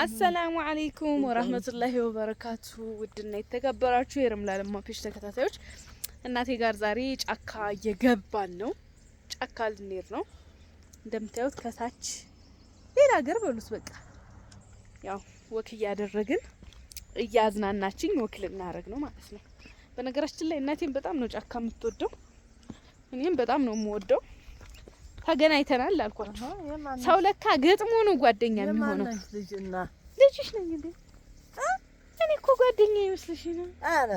አሰላሙ አሌይኩም ወራህመቱላሂ ወበረካቱ። ውድና የተከበራችሁ የረምላ ለማ ፔጅ ተከታታዮች እናቴ ጋር ዛሬ ጫካ እየገባን ነው። ጫካ ልንሄድ ነው። እንደምታዩት ከታች ሌላ ሀገር በሉት በቃ ያው ወክ እያደረግን እያዝናናችኝ ወክ ልናደርግ ነው ማለት ነው። በነገራችን ላይ እናቴም በጣም ነው ጫካ የምትወደው፣ እኔም በጣም ነው የምወደው ተገናኝተናል አልኳችሁ። ሰው ለካ ገጥሞ ነው ጓደኛ የሚሆነው። ልጅሽ ነኝ እንዴ? እኔ እኮ ጓደኛ ይመስልሽ ነው? አረ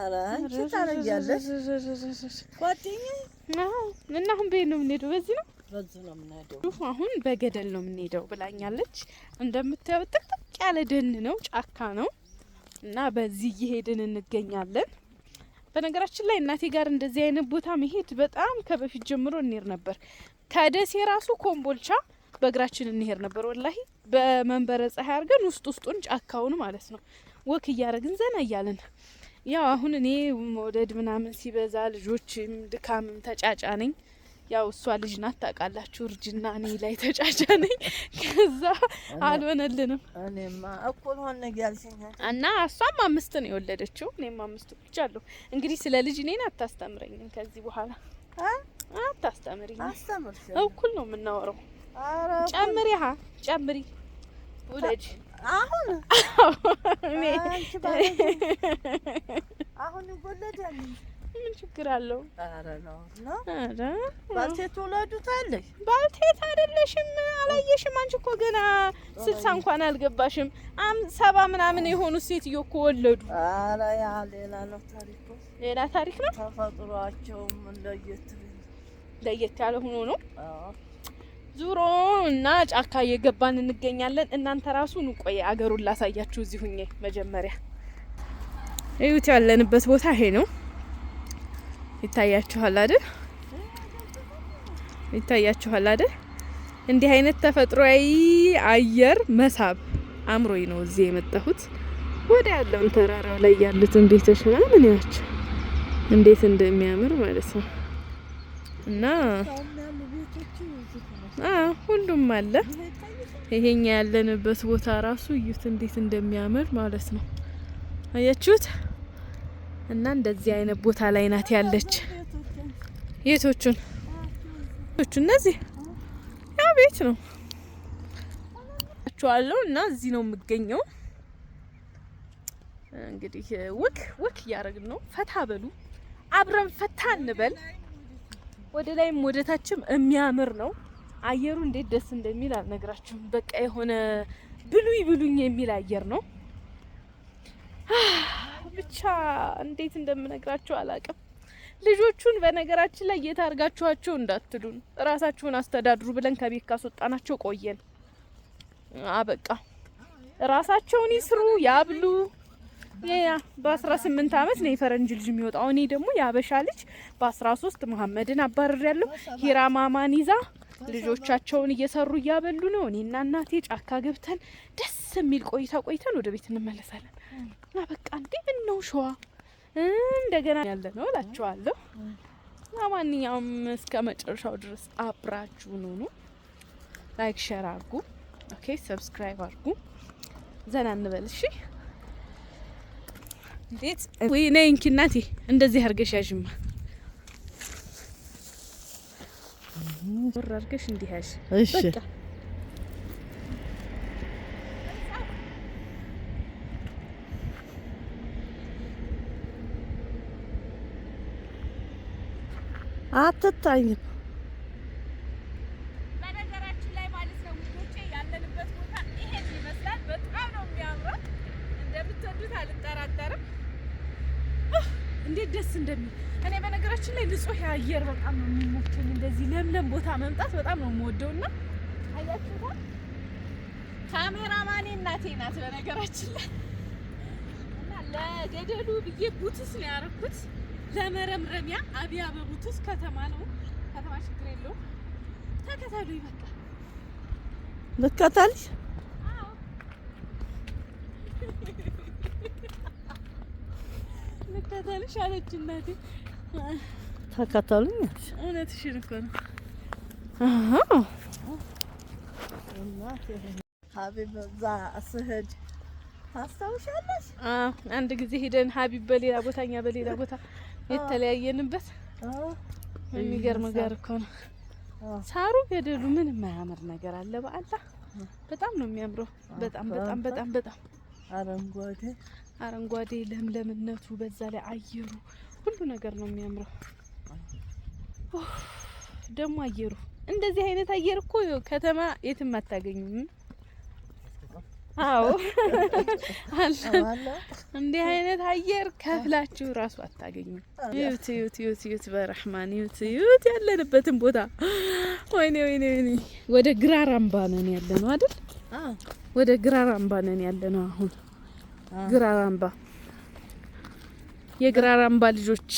አረ አንቺ ታረጃለሽ ጓደኛ። አዎ። እና አሁን በይ ነው የምንሄደው? በዚህ ነው በዚህ ነው የምንሄደው። አሁን በገደል ነው የምንሄደው ብላኛለች። እንደምታየው ጥቅጥቅ ያለ ደን ነው፣ ጫካ ነው እና በዚህ እየሄድን እንገኛለን። በነገራችን ላይ እናቴ ጋር እንደዚህ አይነት ቦታ መሄድ በጣም ከበፊት ጀምሮ እንሄድ ነበር። ከደሴ ራሱ ኮምቦልቻ በእግራችን እንሄድ ነበር። ወላሂ በመንበረ ፀሐይ አድርገን ውስጥ ውስጡን ጫካውን ማለት ነው ወክ እያደረግን ዘና እያለን ያው አሁን እኔ መውደድ ምናምን ሲበዛ ልጆችም ድካምም ተጫጫ ነኝ። ያው እሷ ልጅ ናት ታውቃላችሁ፣ እርጅና እኔ ላይ ተጫጫ ነኝ። ከዛ አልሆነልንም እና እሷም አምስት ነው የወለደችው፣ እኔም አምስቱ ብቻ አለሁ። እንግዲህ ስለ ልጅ እኔን አታስተምረኝም ከዚህ በኋላ አታስተምሪ። አስተምር እኩል ነው የምናወራው። ጨምሪ ሀ ጨምሪ ውለጅ አሁን አሁን ይወለዳል። ምን ችግር አለው? ባልቴት ትወለዱታለሽ። ባልቴት አይደለሽም፣ አላየሽም? አንቺ እኮ ገና ስልሳ እንኳን አልገባሽም። አም ሰባ ምናምን የሆኑ ሴትዮ እኮ ወለዱ። አረ ያ ሌላ ነው ታሪኩ፣ ሌላ ታሪክ ነው። ተፈጥሯቸውም ለየት ለየት ያለ ሆኖ ነው ዙሮ እና ጫካ እየገባን እንገኛለን። እናንተ ራሱ ንቆየ አገሩን ላሳያችሁ እዚሁ ሁኜ መጀመሪያ እዩት። ያለንበት ቦታ ይሄ ነው። ይታያችኋል አይደል? ይታያችኋል አይደል? እንዲህ አይነት ተፈጥሯዊ አየር መሳብ አምሮኝ ነው እዚህ የመጣሁት። ወደ ያለውን ተራራው ላይ ያሉትን ቤቶች ምናምን ያቸው እንዴት እንደሚያምር ማለት ነው። እና ሁሉም አለ። ይሄኛ ያለንበት ቦታ ራሱ እዩት እንዴት እንደሚያምር ማለት ነው። አያችሁት? እና እንደዚህ አይነት ቦታ ላይ ናት ያለች። የቶቹን እነዚህ ያው ቤት ነው ችኋለሁ እና እዚህ ነው የምገኘው። እንግዲህ ውክ ውክ እያደረግን ነው። ፈታ በሉ አብረን ፈታ እንበል። ወደ ላይም ወደ ታችም የሚያምር ነው። አየሩ እንዴት ደስ እንደሚል አልነግራችሁም። በቃ የሆነ ብሉይ ብሉኝ የሚል አየር ነው። ብቻ እንዴት እንደምነግራችሁ አላቅም። ልጆቹን በነገራችን ላይ የት አድርጋችኋቸው እንዳትሉን፣ ራሳችሁን አስተዳድሩ ብለን ከቤት ካስወጣናቸው ቆየን። አበቃ። ራሳቸውን ይስሩ፣ ያብሉ። በአስራ ስምንት አመት ነው የፈረንጅ ልጅ የሚወጣው። እኔ ደግሞ የአበሻ ልጅ በአስራ ሶስት መሀመድን አባረር ያለው ሂራ ማማን ይዛ ልጆቻቸውን እየሰሩ እያበሉ ነው። እኔና እናቴ ጫካ ገብተን ደስ የሚል ቆይታ ቆይተን ወደ ቤት እንመለሳለን። እና በቃ እንዴ ምን ነው ሸዋ እንደገና ያለ ነው እላችኋለሁ። እና እስከ መጨረሻው ድረስ አብራችሁን ሁኑ። ላይክ ሸር አርጉ። ኦኬ ሰብስክራይብ አርጉ። ዘና እንበል እሺ። እንዴት ወይ ነይ እንኪ እናቴ እንደዚህ አድርገሽ ያዥማ ወር አድርገሽ እንዲህ ያዥ እሺ አትታይም እንደሚል እኔ በነገራችን ላይ ንጹህ የአየር በጣም ነው የሚሞክል። እንደዚህ ለምለም ቦታ መምጣት በጣም ነው የምወደው እና አያችሁታ ካሜራማኔ እናቴ ናት በነገራችን ላይ እና ለገደሉ ብዬ ቡትስ ነው ያደረኩት ለመረምረሚያ አብያ በቡትስ ከተማ ነው። ከተማ ችግር የለውም። ተከተሉ ይበቃ ልከተልሽ እንከተልሽ አለች እናቴ። ተከተሉኝ አለች። እውነትሽን እኮ ነው። ሀቢብ እዛ ስሄድ ታስታውሻለሽ? አንድ ጊዜ ሄደን ሀቢብ በሌላ ቦታ እኛ በሌላ ቦታ የተለያየንበት የሚገርም ጋር እኮ ነው። ሳሩ ገደሉ ምን የማያምር ነገር አለ። በአላ በጣም ነው የሚያምረው። በጣም በጣም በጣም በጣም አረንጓዴ አረንጓዴ ለምለምነቱ፣ በዛ ላይ አየሩ፣ ሁሉ ነገር ነው የሚያምረው። ደግሞ አየሩ እንደዚህ አይነት አየር እኮ ከተማ የትም አታገኙም። አዎ አለ እንዲህ አይነት አየር ከፍላችሁ ራሱ አታገኙም። ዩት ዩት ዩት ዩት በረህማን ዩት ዩት ያለንበትን ቦታ ወይኔ ወይኔ ወይኔ ወደ ግራራምባ ነን ያለ ነው አይደል? ወደ ግራራምባ ነን ያለ ነው አሁን ግራራምባ የግራራምባ ልጆች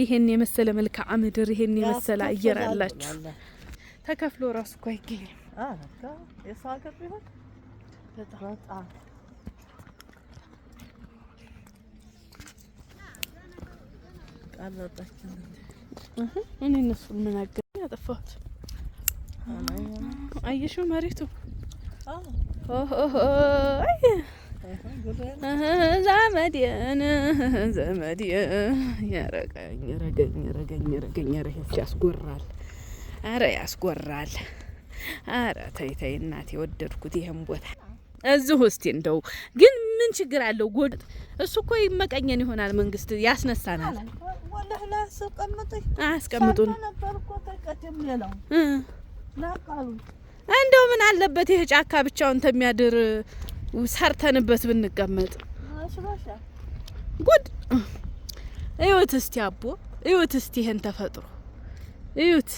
ይሄን የመሰለ መልክዓ ምድር ይሄን የመሰለ አየር አላችሁ። ተከፍሎ ራሱ እኮ አይገኝም። እኔ እነሱ ምን አገኝ ያጠፋሁት አየሽው መሬቱ ዘመዴን ዘመዴን ያረገኝ ረገኝ ረገኝ ረገኝ ረ ያስጎራል፣ አረ ያስጎራል። አረ ተይ ተይ እናቴ የወደድኩት ይህም ቦታ እዚሁ እስቲ እንደው ግን ምን ችግር አለው? ጎድ እሱ እኮ ይመቀኘን ይሆናል። መንግስት ያስነሳናል። አስቀምጡን እንደው ምን አለበት ይህ ጫካ ብቻውን ተሚያድር ሰርተንበት ብንቀመጥ ጉድ እዩት እስቲ አቦ እዩት እስቲ ይሄን ተፈጥሮ እዩት።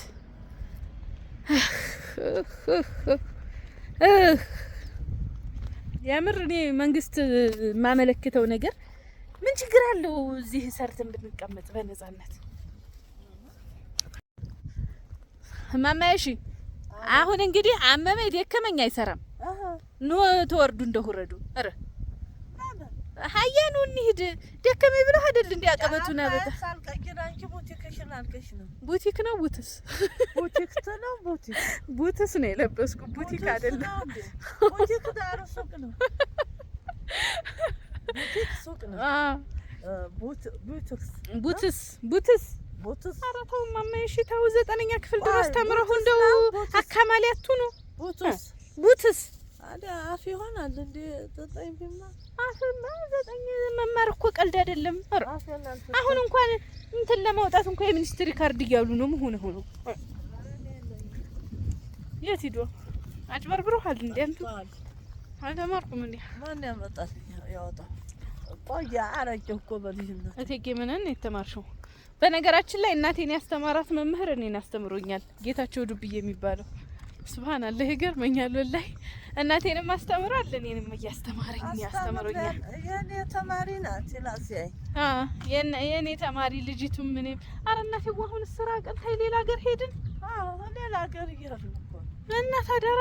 የምር እኔ መንግስት የማመለክተው ነገር ምን ችግር አለው? እዚህ ሰርተን ብንቀመጥ በነጻነት እማማዬ። እሺ አሁን እንግዲህ አመመኝ ደከመኝ አይሰራም ኑ ተወርዱ እንደሁረዱ ኧረ ሀያኑ እንሂድ። ደከመኝ ብለህ አይደል እንደ ና አበታ ቡቲክ ነው ቡትስ ቡትስ ነው የለበስኩ ቡቲክ አይደለም። ቡትስ ቡትስ ኧረ ተው ማማዬ እሺ ተው። ዘጠነኛ ክፍል ድረስ ተምረሁ እንደው አካማሊያቱ ነው ቡትስ ታዲያ አፍ ይሆናል እንዴ? ዘጠኝ ቢማ አፍማ ዘጠኝ መማር እኮ ቀልድ አይደለም። አሁን እንኳን እንትን ለማውጣት እንኳን የሚኒስትሪ ካርድ እያሉ ነው። መሆነ ሆኖ የት ሂዶ አጭበርብሮሃል እንዴ? አንተ አልተማርኩም እንዴ? ማን ያመጣል ያወጣል? ቆየ አረጀሁ እኮ በልጅነት እቴጌ ምንን የተማርሽው? በነገራችን ላይ እናቴን ያስተማራት መምህር እኔን አስተምሮኛል። ጌታቸው ዱብዬ የሚባለው ስብሃናላ ይገርመኛል። ወላሂ እናቴንም አስተምሯል እኔንም እያስተማረኝ ያስተምሮኛል። የእኔ ተማሪ ናት ላሴ የእኔ ልጅቱም እኔም አረ እናቴ ዋሁን ስራ ቀንታይ ሌላ ሀገር ሄድን ሌላ ሀገር እያሉ እና ታደራ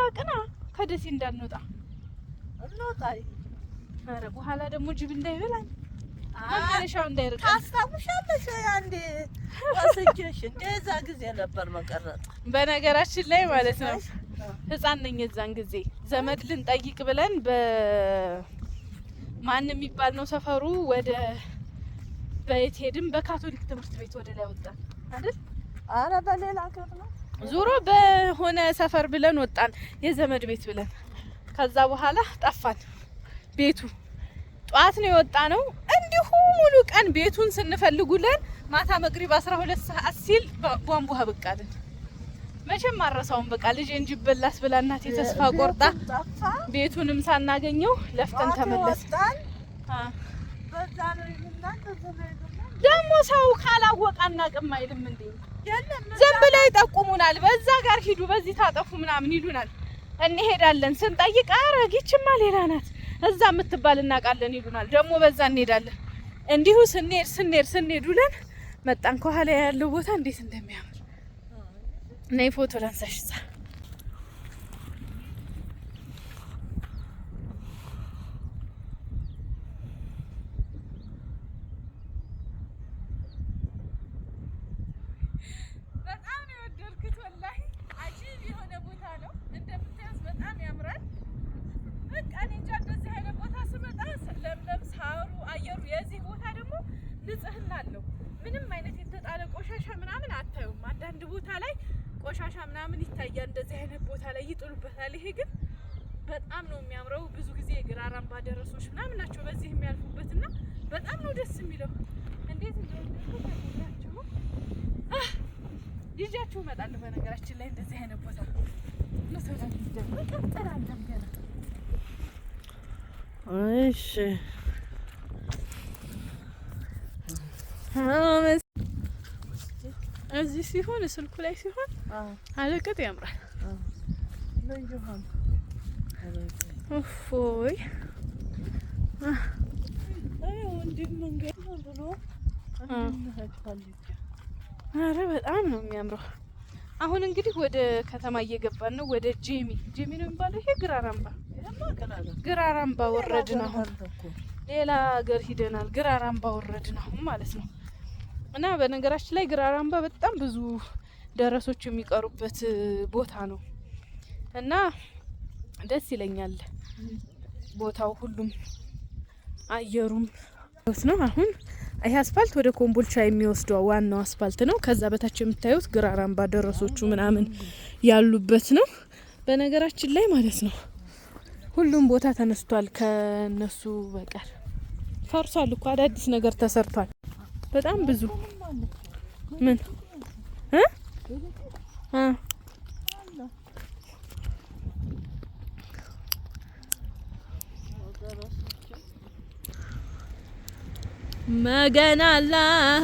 ከደሴ እንዳንወጣ እንወጣ ረ በኋላ ደግሞ ጅብ እንዳይበላኝ እንዳይርቅ ታስታውሻለሽ። አንዴ እንደዛ ጊዜ ነበር መቀረጥ። በነገራችን ላይ ማለት ነው ህፃን ነኝ። የዛን ጊዜ ዘመድ ልንጠይቅ ብለን በማን የሚባል ነው ሰፈሩ ወደ በየት ሄድን? በካቶሊክ ትምህርት ቤት ወደ ላይ ወጣን አይደል? አረ በሌላ ነው ዙሮ በሆነ ሰፈር ብለን ወጣን፣ የዘመድ ቤት ብለን። ከዛ በኋላ ጠፋን ቤቱ ጠዋት ነው የወጣ ነው። እንዲሁ ሙሉ ቀን ቤቱን ስንፈልጉለን ማታ መቅሪብ 12 ሰዓት ሲል ቧንቧ በቃልን። መቼም አረሳውን በቃ ልጅ እንጂ በላስ ብላ እናቴ ተስፋ ቆርጣ ቤቱንም ሳናገኘው ለፍተን ተመለስ ደግሞ ሰው ካላወቀ አናቅም አይልም እንዴ? ዝም ብለው ይጠቁሙናል። በዛ ጋር ሂዱ፣ በዚህ ታጠፉ ምናምን ይሉናል። እንሄዳለን ስንጠይቅ አረጊችማ ሌላ ናት እዛ የምትባል እናውቃለን ይሉናል። ደግሞ በዛ እንሄዳለን። እንዲሁ ስንሄድ ስንሄድ ስንሄድ ውለን መጣን። ከኋላ ያለው ቦታ እንዴት እንደሚያምር ነይ ፎቶ ላንሳሽ እዛ አንዳንድ ቦታ ላይ ቆሻሻ ምናምን ይታያል፣ እንደዚህ አይነት ቦታ ላይ ይጥሉበታል። ይሄ ግን በጣም ነው የሚያምረው። ብዙ ጊዜ የግራ ባደረሶች ደረሶች ምናምን ናቸው በዚህ የሚያልፉበት እና በጣም ነው ደስ የሚለው። እንዴት እንደወደዳችሁ ይዣችሁ እመጣለሁ። በነገራችን ላይ እንደዚህ አይነት ቦታ እሺ እዚህ ሲሆን ስልኩ ላይ ሲሆን አለቀጥ ያምራል። ኦፎይ አረ በጣም ነው የሚያምረው። አሁን እንግዲህ ወደ ከተማ እየገባን ነው። ወደ ጄሚ ጄሚ ነው የሚባለው ይሄ ግራራምባ ግራራምባ ወረድን። አሁን ሌላ ሀገር ሂደናል። ግራራምባ ወረድን አሁን ማለት ነው። እና በነገራችን ላይ ግራር በጣም ብዙ ደረሶች የሚቀሩበት ቦታ ነው እና ደስ ይለኛል ቦታው፣ ሁሉም አየሩም ነው። አሁን ይህ አስፋልት ወደ ኮምቦልቻ የሚወስደው ዋናው አስፋልት ነው። ከዛ በታች የምታዩት ግራር ደረሶቹ ምናምን ያሉበት ነው። በነገራችን ላይ ማለት ነው ሁሉም ቦታ ተነስቷል ከነሱ በቀር ፈርሷል እኮ አዳዲስ ነገር ተሰርቷል። በጣም ብዙ ምን መገን አላ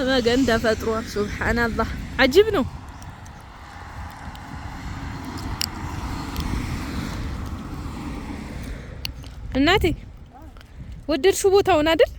መገን ተፈጥሯል። ሱብሓነላህ አጅብ ነው። እናቴ ወደድሽው ቦታውን አይደል?